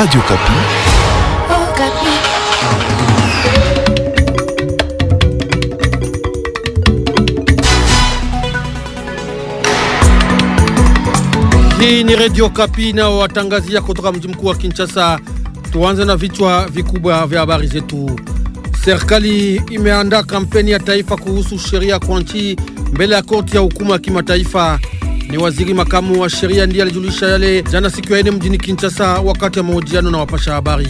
Radio Kapi. Oh, Kapi. Hii ni Radio Kapi nao watangazia kutoka mji mkuu wa Kinshasa. Tuanze na vichwa vikubwa vya habari zetu. Serikali imeandaa kampeni ya taifa kuhusu sheria kwa nchi mbele ya korti ya hukumu ya kimataifa. Ni waziri makamu wa sheria ndiye alijulisha yale jana siku ya ine mjini Kinshasa wakati ya mahojiano na wapasha habari.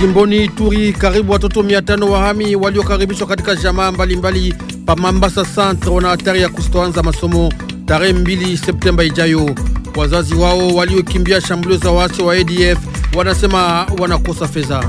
Jimboni Ituri, karibu watoto 500 wahami waliokaribishwa katika jamaa mbalimbali pa Mambasa Centre wana hatari ya kustoanza masomo tarehe 2 Septemba ijayo. Wazazi wao waliokimbia shambulio za waasi wa ADF wanasema wanakosa fedha.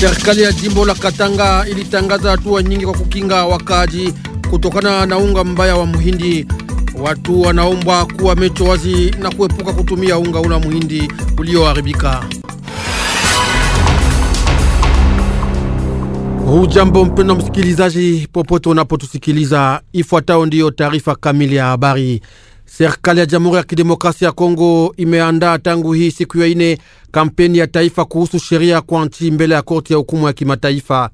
Serikali ya jimbo la Katanga ilitangaza hatua nyingi kwa kukinga wakaaji kutokana na unga mbaya wa muhindi. Watu wanaombwa kuwa mecho wazi na kuepuka kutumia unga ula muhindi ulioharibika. Hujambo mpendwa msikilizaji, popote unapotusikiliza, ifuatayo ndiyo taarifa kamili ya habari. Serikali ya Jamhuri ya Kidemokrasia ya Kongo imeandaa tangu hii siku ya ine kampeni ya taifa kuhusu sheria kwa nchi mbele ya korti ya hukumu ya kimataifa.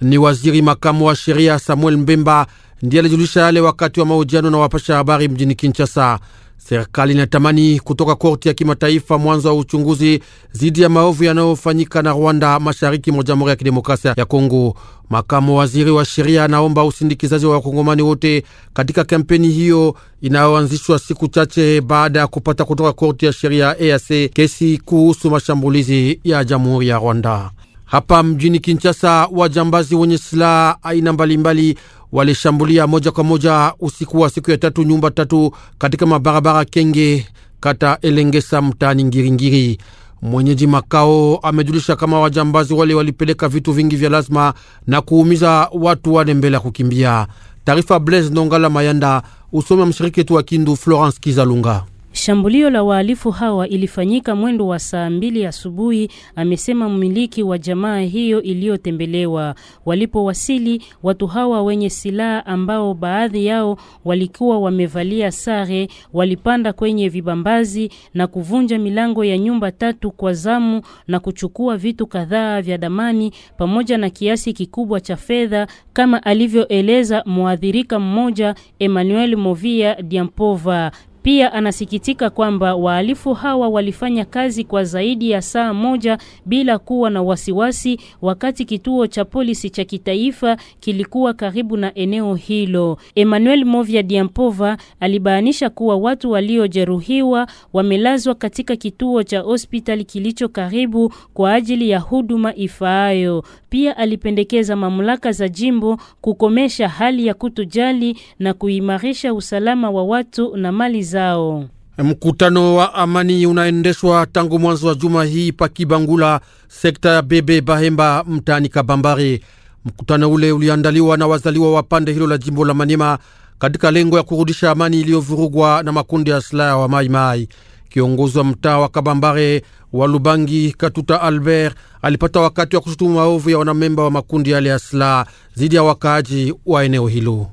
Ni waziri makamu wa sheria Samuel Mbemba ndiye alijulisha yale wakati wa mahojiano na wapasha habari mjini Kinshasa. Serikali inatamani kutoka korti ya kimataifa mwanzo wa uchunguzi dhidi ya maovu yanayofanyika na Rwanda mashariki mwa Jamhuri ya Kidemokrasia ya Kongo. Makamu waziri wa sheria anaomba usindikizaji wa wakongomani wote katika kampeni hiyo inayoanzishwa siku chache baada ya kupata kutoka korti ya sheria EAC kesi kuhusu mashambulizi ya Jamhuri ya Rwanda. Hapa mjini Kinshasa, wajambazi wenye silaha aina mbalimbali walishambulia moja kwa moja usiku wa siku ya tatu nyumba tatu katika mabarabara Kenge, kata Elengesa, mtaani Ngiringiri. Mwenyeji makao amejulisha kama wajambazi wale walipeleka vitu vingi vya lazima na kuumiza watu wane mbele ya kukimbia. Taarifa Blaise Nongala Mayanda, usome mshiriki wetu wa Kindu Florence Kizalunga. Shambulio la wahalifu hawa ilifanyika mwendo wa saa mbili asubuhi, amesema mmiliki wa jamaa hiyo iliyotembelewa. Walipowasili, watu hawa wenye silaha ambao baadhi yao walikuwa wamevalia sare walipanda kwenye vibambazi na kuvunja milango ya nyumba tatu kwa zamu na kuchukua vitu kadhaa vya damani pamoja na kiasi kikubwa cha fedha, kama alivyoeleza mwathirika mmoja Emmanuel Movia Diampova. Pia anasikitika kwamba wahalifu hawa walifanya kazi kwa zaidi ya saa moja bila kuwa na wasiwasi wakati kituo cha polisi cha kitaifa kilikuwa karibu na eneo hilo. Emmanuel Movia Diampova alibainisha kuwa watu waliojeruhiwa wamelazwa katika kituo cha hospitali kilicho karibu kwa ajili ya huduma ifaayo. Pia alipendekeza mamlaka za jimbo kukomesha hali ya kutojali na kuimarisha usalama wa watu na mali zao. Mkutano wa amani unaendeshwa tangu mwanzo wa juma hii Pakibangula, sekta ya Bebe Bahemba, mtaani Kabambari. Mkutano ule uliandaliwa na wazaliwa wa pande hilo la jimbo la Manema katika lengo ya kurudisha amani iliyovurugwa na makundi ya silaha wa Maimai. Kiongozi wa mtaa wa Kabambare wa Lubangi, Katuta Albert, alipata wakati wa kushutumu maovu ya wanamemba wa makundi yale ya silaha dhidi ya wakaaji wa eneo hilo.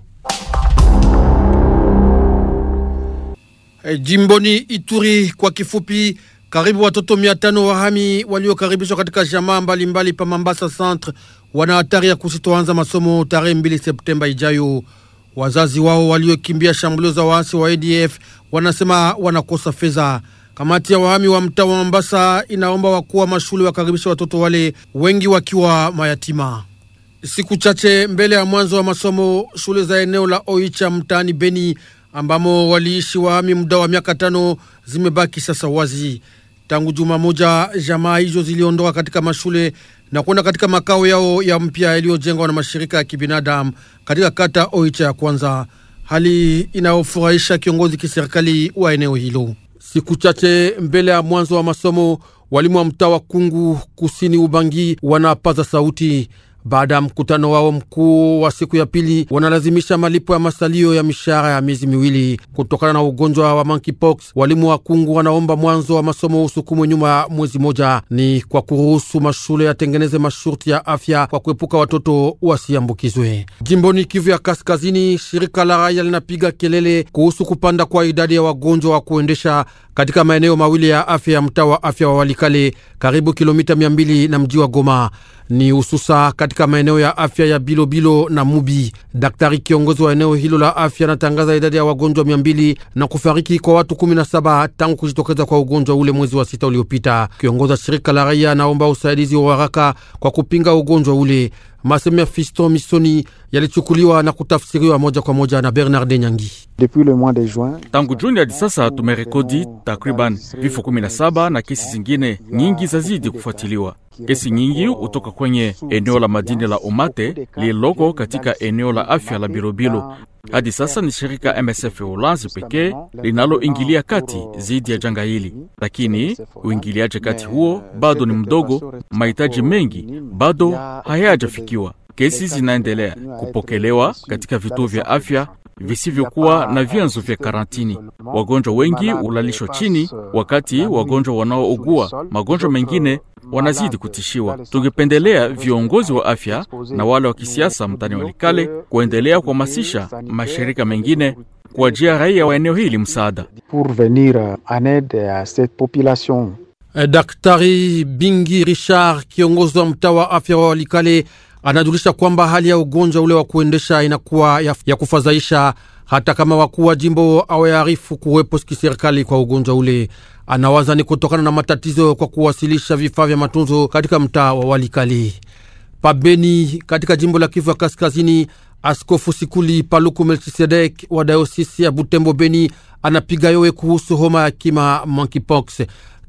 Eh, jimboni Ituri kwa kifupi, karibu watoto mia tano wahami waliokaribishwa katika jamaa mbalimbali pa Mambasa Centre wana hatari ya kusitoanza masomo tarehe 2 Septemba ijayo. Wazazi wao waliokimbia shambulio za waasi wa ADF wanasema wanakosa fedha. Kamati ya wahami wa mtaa wa Mambasa inaomba wakuu wa mashule wakaribisha watoto wale, wengi wakiwa mayatima. Siku chache mbele ya mwanzo wa masomo, shule za eneo la Oicha mtaani Beni ambamo waliishi waami muda wa miaka tano zimebaki sasa wazi. Tangu juma moja, jamaa hizo ziliondoka katika mashule na kwenda katika makao yao ya mpya yaliyojengwa na mashirika ya kibinadamu katika kata Oicha ya kwanza, hali inayofurahisha kiongozi kiserikali wa eneo hilo. Siku chache mbele ya mwanzo wa masomo, walimu wa mtaa wa Kungu kusini Ubangi wanapaza sauti baada ya mkutano wao mkuu wa siku ya pili, wanalazimisha malipo ya masalio ya mishahara ya miezi miwili kutokana na ugonjwa wa monkeypox. Walimu wa kungu wanaomba mwanzo wa masomo usukumwe nyuma mwezi moja, ni kwa kuruhusu mashule yatengeneze masharti ya afya kwa kuepuka watoto wasiambukizwe. Jimboni Kivu ya Kaskazini, shirika la raia linapiga kelele kuhusu kupanda kwa idadi ya wagonjwa wa kuendesha katika maeneo mawili ya afya ya mtaa wa afya wa Walikale, karibu kilomita mia mbili na mji wa Goma ni hususa katika maeneo ya afya ya Bilobilo Bilo na Mubi. Daktari kiongozi wa eneo hilo la afya anatangaza idadi ya wagonjwa mia mbili na kufariki kwa watu 17 tangu kujitokeza kwa ugonjwa ule mwezi wa sita uliopita. Kiongozi wa shirika la raia anaomba usaidizi wa haraka kwa kupinga ugonjwa ule. Masemo ya Fiston Misoni yalichukuliwa na kutafsiriwa moja kwa moja na Bernard Nyangi. Tangu Juni hadi sasa tumerekodi takriban vifo 17 na kesi zingine nyingi zazidi kufuatiliwa. Kesi nyingi hutoka kwenye eneo la madini la Omate lililoko katika eneo la afya la Bilobilo. Hadi sasa ni shirika MSF ya Ulanzi pekee linaloingilia kati zidi ya janga hili, lakini uingiliaji kati huo bado ni mdogo. Mahitaji mengi bado hayajafikiwa. Kesi zinaendelea kupokelewa katika vituo vya afya visivyokuwa na vyanzo vya karantini. Wagonjwa wengi hulalishwa chini, wakati wagonjwa wanaougua magonjwa mengine wanazidi kutishiwa. Tungependelea viongozi wa afya na wale wa kisiasa mtani Walikale kuendelea kuhamasisha mashirika mengine kuwajia raia wa eneo hili msaada. Eh, Daktari Bingi Richard, kiongozi wa mtaa wa afya wa Walikale anajulisha kwamba hali ya ugonjwa ule wa kuendesha inakuwa ya, ya kufadhaisha, hata kama wakuu wa jimbo awaarifu kuwepo kiserikali kwa ugonjwa ule. Anawaza ni kutokana na matatizo kwa kuwasilisha vifaa vya matunzo katika mtaa wa Walikali pabeni katika jimbo la Kivu ya Kaskazini. Askofu Sikuli Paluku Melchisedek wa dayosisi ya Butembo Beni anapiga yowe kuhusu homa ya kima monkeypox.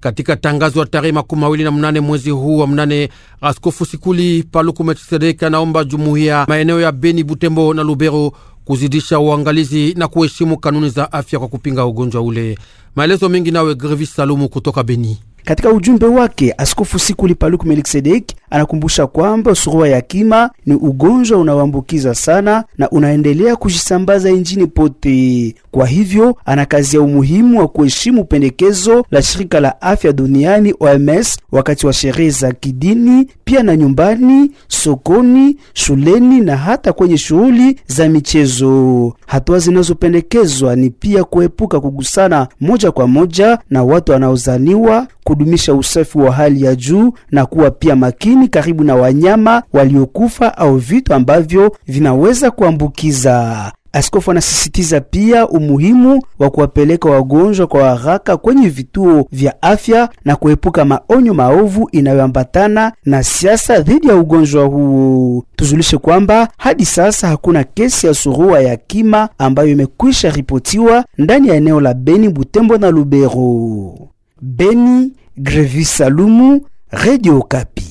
Katika tangazo ya tarehe makumi mawili na mnane mwezi huu wa mnane, Askofu Sikuli Paluku Melkisedeki anaomba jumuiya maeneo ya Beni, Butembo na Lubero kuzidisha uangalizi na kuheshimu kanuni za afya kwa kupinga ugonjwa ule. Maelezo mengi nawe Grevis Salumu kutoka Beni. Katika ujumbe wake Askofu Sikuli Paluku Melkisedeki Anakumbusha kwamba surua ya kima ni ugonjwa unaoambukiza sana na unaendelea kujisambaza injini pote. Kwa hivyo anakazia umuhimu wa kuheshimu pendekezo la shirika la afya duniani OMS wakati wa sherehe za kidini, pia na nyumbani, sokoni, shuleni na hata kwenye shughuli za michezo. Hatua zinazopendekezwa ni pia kuepuka kugusana moja kwa moja na watu wanaozaniwa, kudumisha usafi wa hali ya juu na kuwa pia makini makini karibu na wanyama waliokufa au vitu ambavyo vinaweza kuambukiza. Askofu anasisitiza pia umuhimu wa kuwapeleka wagonjwa kwa haraka kwenye vituo vya afya na kuepuka maonyo maovu inayoambatana na siasa dhidi ya ugonjwa huo. Tuzulishe kwamba hadi sasa hakuna kesi ya surua ya kima ambayo imekwisha ripotiwa ndani ya eneo la Beni, Butembo na Lubero. Beni, Grevi Salumu, Radio Kapi.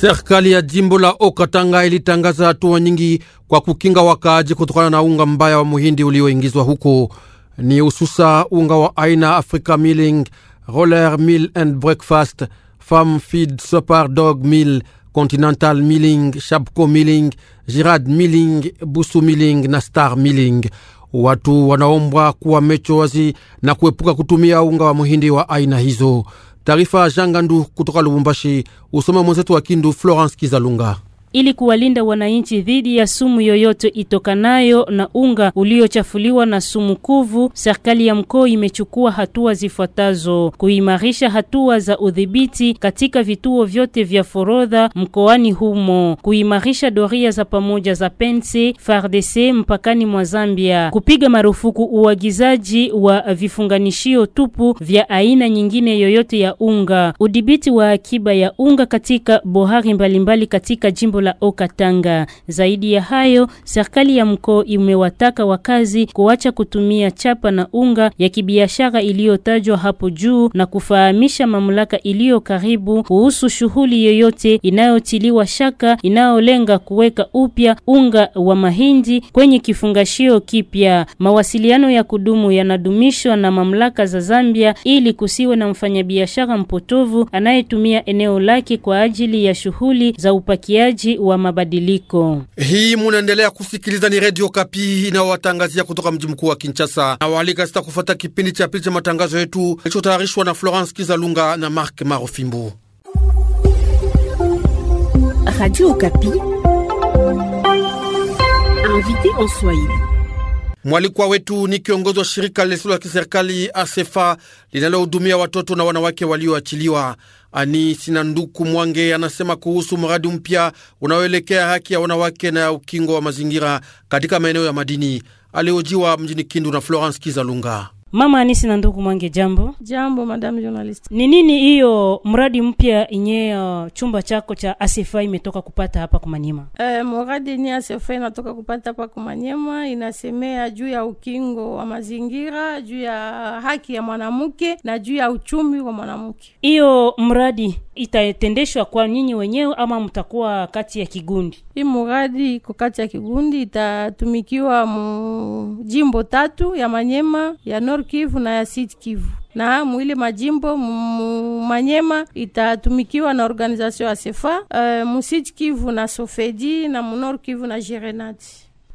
Serikali ya jimbo la Okatanga ilitangaza hatua nyingi kwa kukinga wakaaji kutokana na unga mbaya wa muhindi ulioingizwa huko, ni hususa unga wa aina Africa Milling, Roller Mill and Breakfast, Farm Feed Super Dog Mill, Continental Milling, shabko Milling, Girard Milling, Busu Milling na Star Milling. Watu wanaombwa kuwa mecho wazi na kuepuka kutumia unga wa muhindi wa aina hizo. Taarifa ya Jangandu kutoka Lubumbashi, usome mwenzetu wa Kindu Florence Kizalunga ili kuwalinda wananchi dhidi ya sumu yoyote itokanayo na unga uliochafuliwa na sumu kuvu, serikali ya mkoa imechukua hatua zifuatazo: kuimarisha hatua za udhibiti katika vituo vyote vya forodha mkoani humo, kuimarisha doria za pamoja za pensi FARDC mpakani mwa Zambia, kupiga marufuku uagizaji wa vifunganishio tupu vya aina nyingine yoyote ya unga, udhibiti wa akiba ya unga katika bohari mbalimbali mbali katika jimbo la Okatanga. Zaidi ya hayo, serikali ya mkoa imewataka wakazi kuacha kutumia chapa na unga ya kibiashara iliyotajwa hapo juu na kufahamisha mamlaka iliyo karibu kuhusu shughuli yoyote inayotiliwa shaka inayolenga kuweka upya unga wa mahindi kwenye kifungashio kipya. Mawasiliano ya kudumu yanadumishwa na mamlaka za Zambia ili kusiwe na mfanyabiashara mpotovu anayetumia eneo lake kwa ajili ya shughuli za upakiaji wa mabadiliko. Hii munaendelea kusikiliza, ni Radio Kapi inayowatangazia kutoka mji mkuu wa Kinshasa na waalika sita kufuata kipindi cha pili cha matangazo yetu kilichotayarishwa na Florence Kizalunga na Mark Marofimbu. Radio Kapi invité en Swahili Mwalikwa wetu ni kiongozi wa shirika lisilo la kiserikali ASEFA linalohudumia watoto na wanawake walioachiliwa. Ani Sinanduku nduku Mwange anasema kuhusu mradi mpya unaoelekea haki ya wanawake na ya ukingo wa mazingira katika maeneo ya madini. Alihojiwa mjini Kindu na Florence Kizalunga. Mama Anisi na ndugu Mwange, jambo. Jambo madam journalist. Ni nini hiyo mradi mpya inye uh, chumba chako cha asfa imetoka kupata hapa Kumanyema? Eh, mradi ni ASEFA inatoka kupata hapa Kumanyema inasemea juu ya ukingo wa mazingira, juu ya haki ya mwanamke na juu ya uchumi wa mwanamke. Hiyo mradi itatendeshwa kwa nyinyi wenyewe ama mtakuwa kati ya kigundi? Hii mradi iko kati ya kigundi, itatumikiwa mu jimbo tatu ya Manyema ya Nord Nord Kivu na ya Sud Kivu na mwile majimbo manyema itatumikiwa na organizasyon ya sefa uh, musiti Kivu na Sofedi na munor Kivu na Jirenati.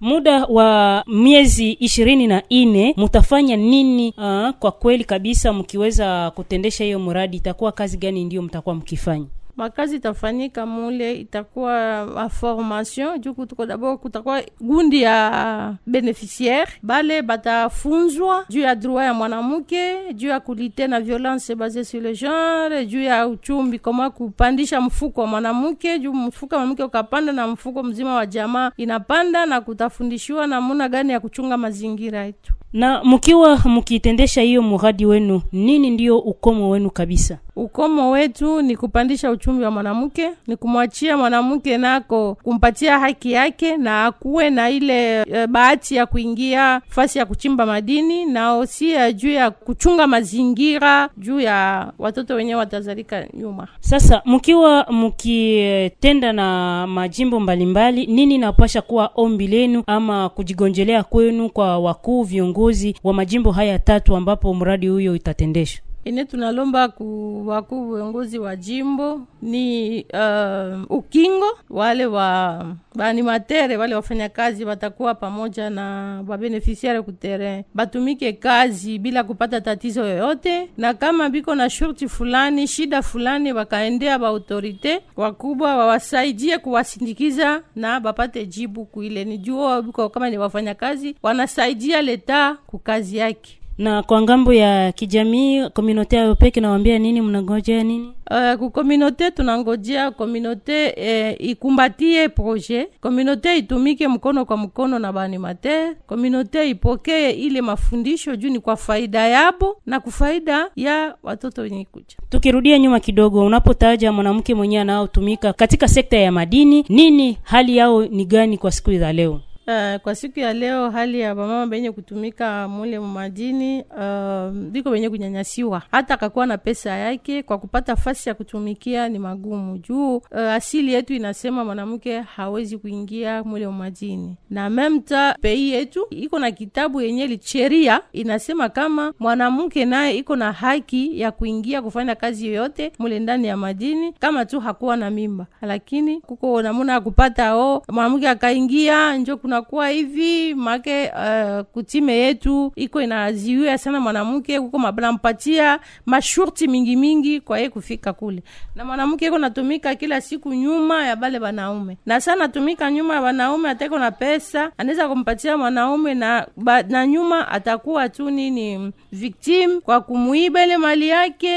Muda wa miezi ishirini na ine mutafanya nini? Uh, kwa kweli kabisa mkiweza kutendesha hiyo muradi itakuwa kazi gani ndiyo mtakuwa mkifanya? makazi itafanyika mule, itakuwa a formation juu tuko dabo, kutakuwa gundi ya beneficiaire bale batafunzwa juu ya droit ya mwanamke, juu ya kulite na violence base sur le genre, juu ya uchumbi koma kupandisha mfuko wa mwanamke, juu mfuko wa mwanamke ukapanda na mfuko mzima wa jamaa inapanda, na kutafundishiwa namuna gani ya kuchunga mazingira yetu. Na mkiwa mkitendesha hiyo muradi wenu, nini ndiyo ukomo wenu kabisa? Ukomo wetu ni kupandisha uchumi wa mwanamke, ni kumwachia mwanamke nako kumpatia haki yake, na akuwe na ile e, bahati ya kuingia fasi ya kuchimba madini, na si juu ya kuchunga mazingira, juu ya watoto wenyewe watazalika nyuma. Sasa mkiwa mkitenda na majimbo mbalimbali, nini napasha kuwa ombi lenu ama kujigonjelea kwenu kwa wakuu viongozi viongozi wa majimbo haya tatu ambapo mradi huyo itatendeshwa ene tunalomba ku viongozi wa jimbo ni uh, ukingo wale wa baanimatere wale wafanya kazi watakuwa pamoja na wabenefisiare kuterrain, batumike kazi bila kupata tatizo yoyote, na kama biko na shurti fulani shida fulani, wakaendea baautorite wakubwa wawasaidie kuwasindikiza na bapate jibu kuile. Ni juo biko kama ni wafanya kazi wanasaidia leta kukazi yake. Na kwa ngambo ya kijamii komunote ya Opec nawaambia nini, mnangojea nini? Uh, kukomunote tunangojea komunote eh, ikumbatie proje Komunote itumike mkono kwa mkono na baanimatere. Komunote ipokee ile mafundisho juu ni kwa faida yabo na kufaida ya watoto wenye kuja. Tukirudia nyuma kidogo, unapotaja mwanamke mwenyewe anaotumika katika sekta ya madini, nini hali yao ni gani kwa siku za leo? Uh, kwa siku ya leo hali ya bamama benye kutumika mule mumadini uh, eh, biko benye kunyanyasiwa, hata kakuwa na pesa yake kwa kupata fasi ya kutumikia ni magumu juu uh, asili yetu inasema mwanamke hawezi kuingia mule mumadini, na memta pei yetu iko na kitabu yenye licheria inasema kama mwanamke naye iko na haki ya kuingia kufanya kazi yoyote mule ndani ya madini kama tu hakuwa na mimba, lakini kuko namuna ya kupata o oh, mwanamke akaingia njo kuna tunakuwa hivi make uh, kutime yetu iko inaziwia sana mwanamke kuko mabanampatia mashurti mingi mingi kwa yeye kufika kule, na mwanamke iko natumika kila siku nyuma ya bale wanaume, na sana natumika nyuma ya wanaume, Hata na pesa anaweza kumpatia mwanaume na, ba, na nyuma atakuwa tu nini victim kwa kumuiba ile mali yake,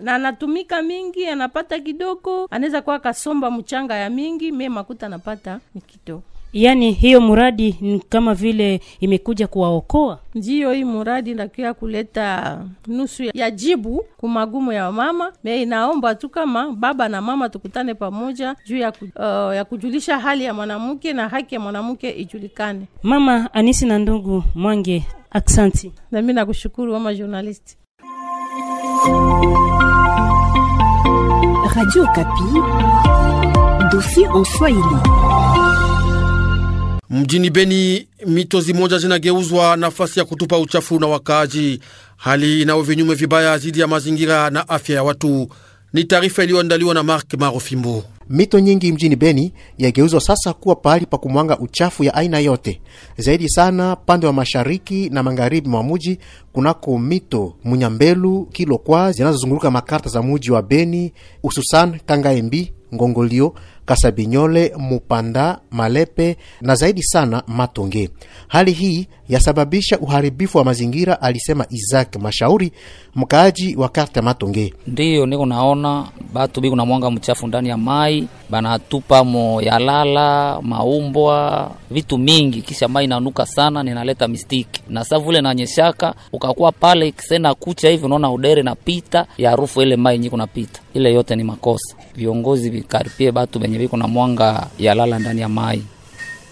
na anatumika mingi, anapata kidogo, anaweza kuwa kasomba mchanga ya mingi, me makuta napata ni kidogo. Yaani hiyo muradi ni kama vile imekuja kuwaokoa. Ndiyo, hii muradi ndakia kuleta nusu ya jibu kumagumu ya mama me, inaomba tu kama baba na mama tukutane pamoja juu ya, ku, uh, ya kujulisha hali ya mwanamke na haki ya mwanamke ijulikane. Mama Anisi na ndugu Mwange, aksanti. Nami nakushukuru mama journalist. Radio Kapi, dossier en Swahili. Mjini Beni mito zimoja zinageuzwa nafasi ya kutupa uchafu na wakaaji, hali inayo vinyume vibaya dhidi ya mazingira na afya ya watu. Ni taarifa iliyoandaliwa na Mark Marofimbo. Mito nyingi mjini Beni yageuzwa sasa kuwa pahali pa kumwanga uchafu ya aina yote, zaidi sana pande wa mashariki na magharibi mwa muji, kunako mito Munyambelu, Kilokwa zinazozunguluka makarta za muji wa Beni, hususan Kangaembi, Ngongolio Kasabinyole, Mupanda, Malepe na zaidi sana Matonge. Hali hii yasababisha uharibifu wa mazingira, alisema Isaac Mashauri, mkaaji wa karte Matonge. Ndiyo niko naona batu biko na mwanga mchafu ndani ya mai, banatupa yalala maumbwa, vitu mingi, kisha mai inanuka sana, ninaleta mistiki na savule vule nanyeshaka ukakuwa pale kisena kucha hivi, unaona udere napita pita ya harufu ile mai nyiko napita ile yote ni makosa. Viongozi vikaripie batu benye viko na mwanga ya lala ndani ya mai,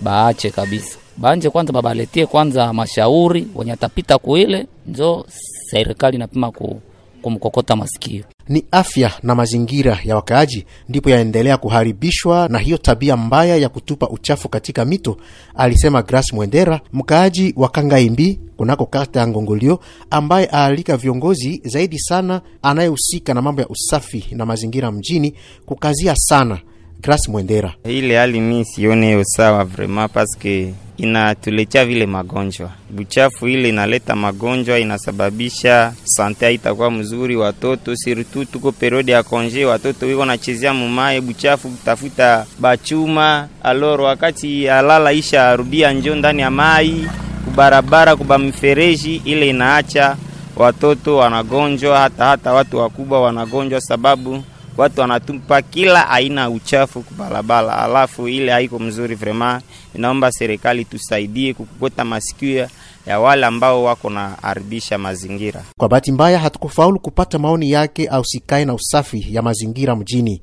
baache kabisa, banje kwanza, babaletie kwanza mashauri wenye atapita kuile, njo serikali napima ku kumkokota masikio ni afya na mazingira ya wakaaji ndipo yaendelea kuharibishwa na hiyo tabia mbaya ya kutupa uchafu katika mito, alisema Grace Mwendera, mkaaji wa Kangaimbi kunako kata ya Ngongolio, ambaye aalika viongozi zaidi sana anayehusika na mambo ya usafi na mazingira mjini kukazia sana Grace Mwendera. Ile hali mi sione usawa vraiment paske inatuletea vile magonjwa buchafu, ile inaleta magonjwa, inasababisha sante haitakuwa mzuri. Watoto siritu, tuko periode ya konje, watoto wiko nachezea mumaye buchafu, kutafuta bachuma aloro, wakati alala isha arudia njo ndani ya mai kubarabara, kubamifereji ile inaacha watoto wanagonjwa, hata hata watu wakubwa wanagonjwa sababu watu wanatupa kila aina uchafu kubalabala, alafu ile haiko mzuri vrema. Inaomba serikali tusaidie kukokota masikio ya wale ambao wako na aribisha mazingira. Kwa bahati mbaya, hatukufaulu kupata maoni yake au sikae na usafi ya mazingira mjini.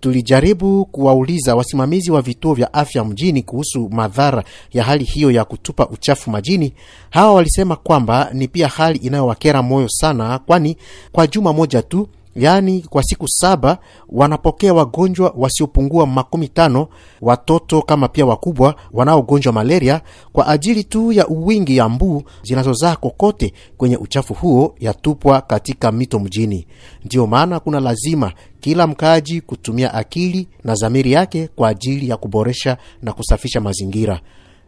Tulijaribu kuwauliza wasimamizi wa vituo vya afya mjini kuhusu madhara ya hali hiyo ya kutupa uchafu majini. Hawa walisema kwamba ni pia hali inayowakera moyo sana, kwani kwa juma moja tu yaani kwa siku saba wanapokea wagonjwa wasiopungua makumi tano, watoto kama pia wakubwa wanaogonjwa malaria kwa ajili tu ya uwingi ya mbu zinazozaa kokote kwenye uchafu huo yatupwa katika mito mjini. Ndiyo maana kuna lazima kila mkaaji kutumia akili na zamiri yake kwa ajili ya kuboresha na kusafisha mazingira.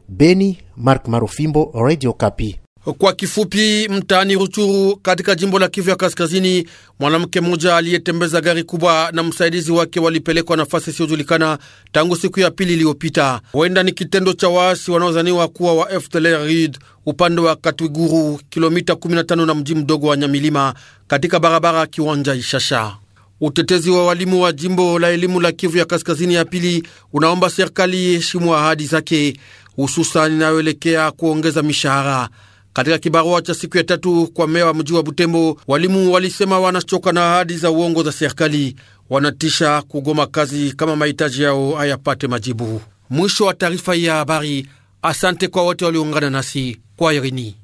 Beni, Mark Marufimbo, Radio Kapi. Kwa kifupi, mtaani Ruchuru katika jimbo la Kivu ya Kaskazini, mwanamke mmoja aliyetembeza gari kubwa na msaidizi wake walipelekwa nafasi isiyojulikana tangu siku ya pili iliyopita. Huenda ni kitendo cha waasi wanaozaniwa kuwa wa FDLR RID upande wa Katwiguru, kilomita 15 na mji mdogo wa Nyamilima katika barabara Kiwanja Ishasha. Utetezi wa walimu wa jimbo la elimu la Kivu ya Kaskazini ya pili unaomba serikali heshimu ahadi zake, hususani inayoelekea kuongeza mishahara. Katika kibarua cha siku ya tatu kwa meya wa mji wa Butembo, walimu walisema wanachoka na ahadi za uongo za serikali, wanatisha kugoma kazi kama mahitaji yao hayapate majibu. Mwisho wa taarifa hii ya habari. Asante kwa wote walioungana nasi kwa irini.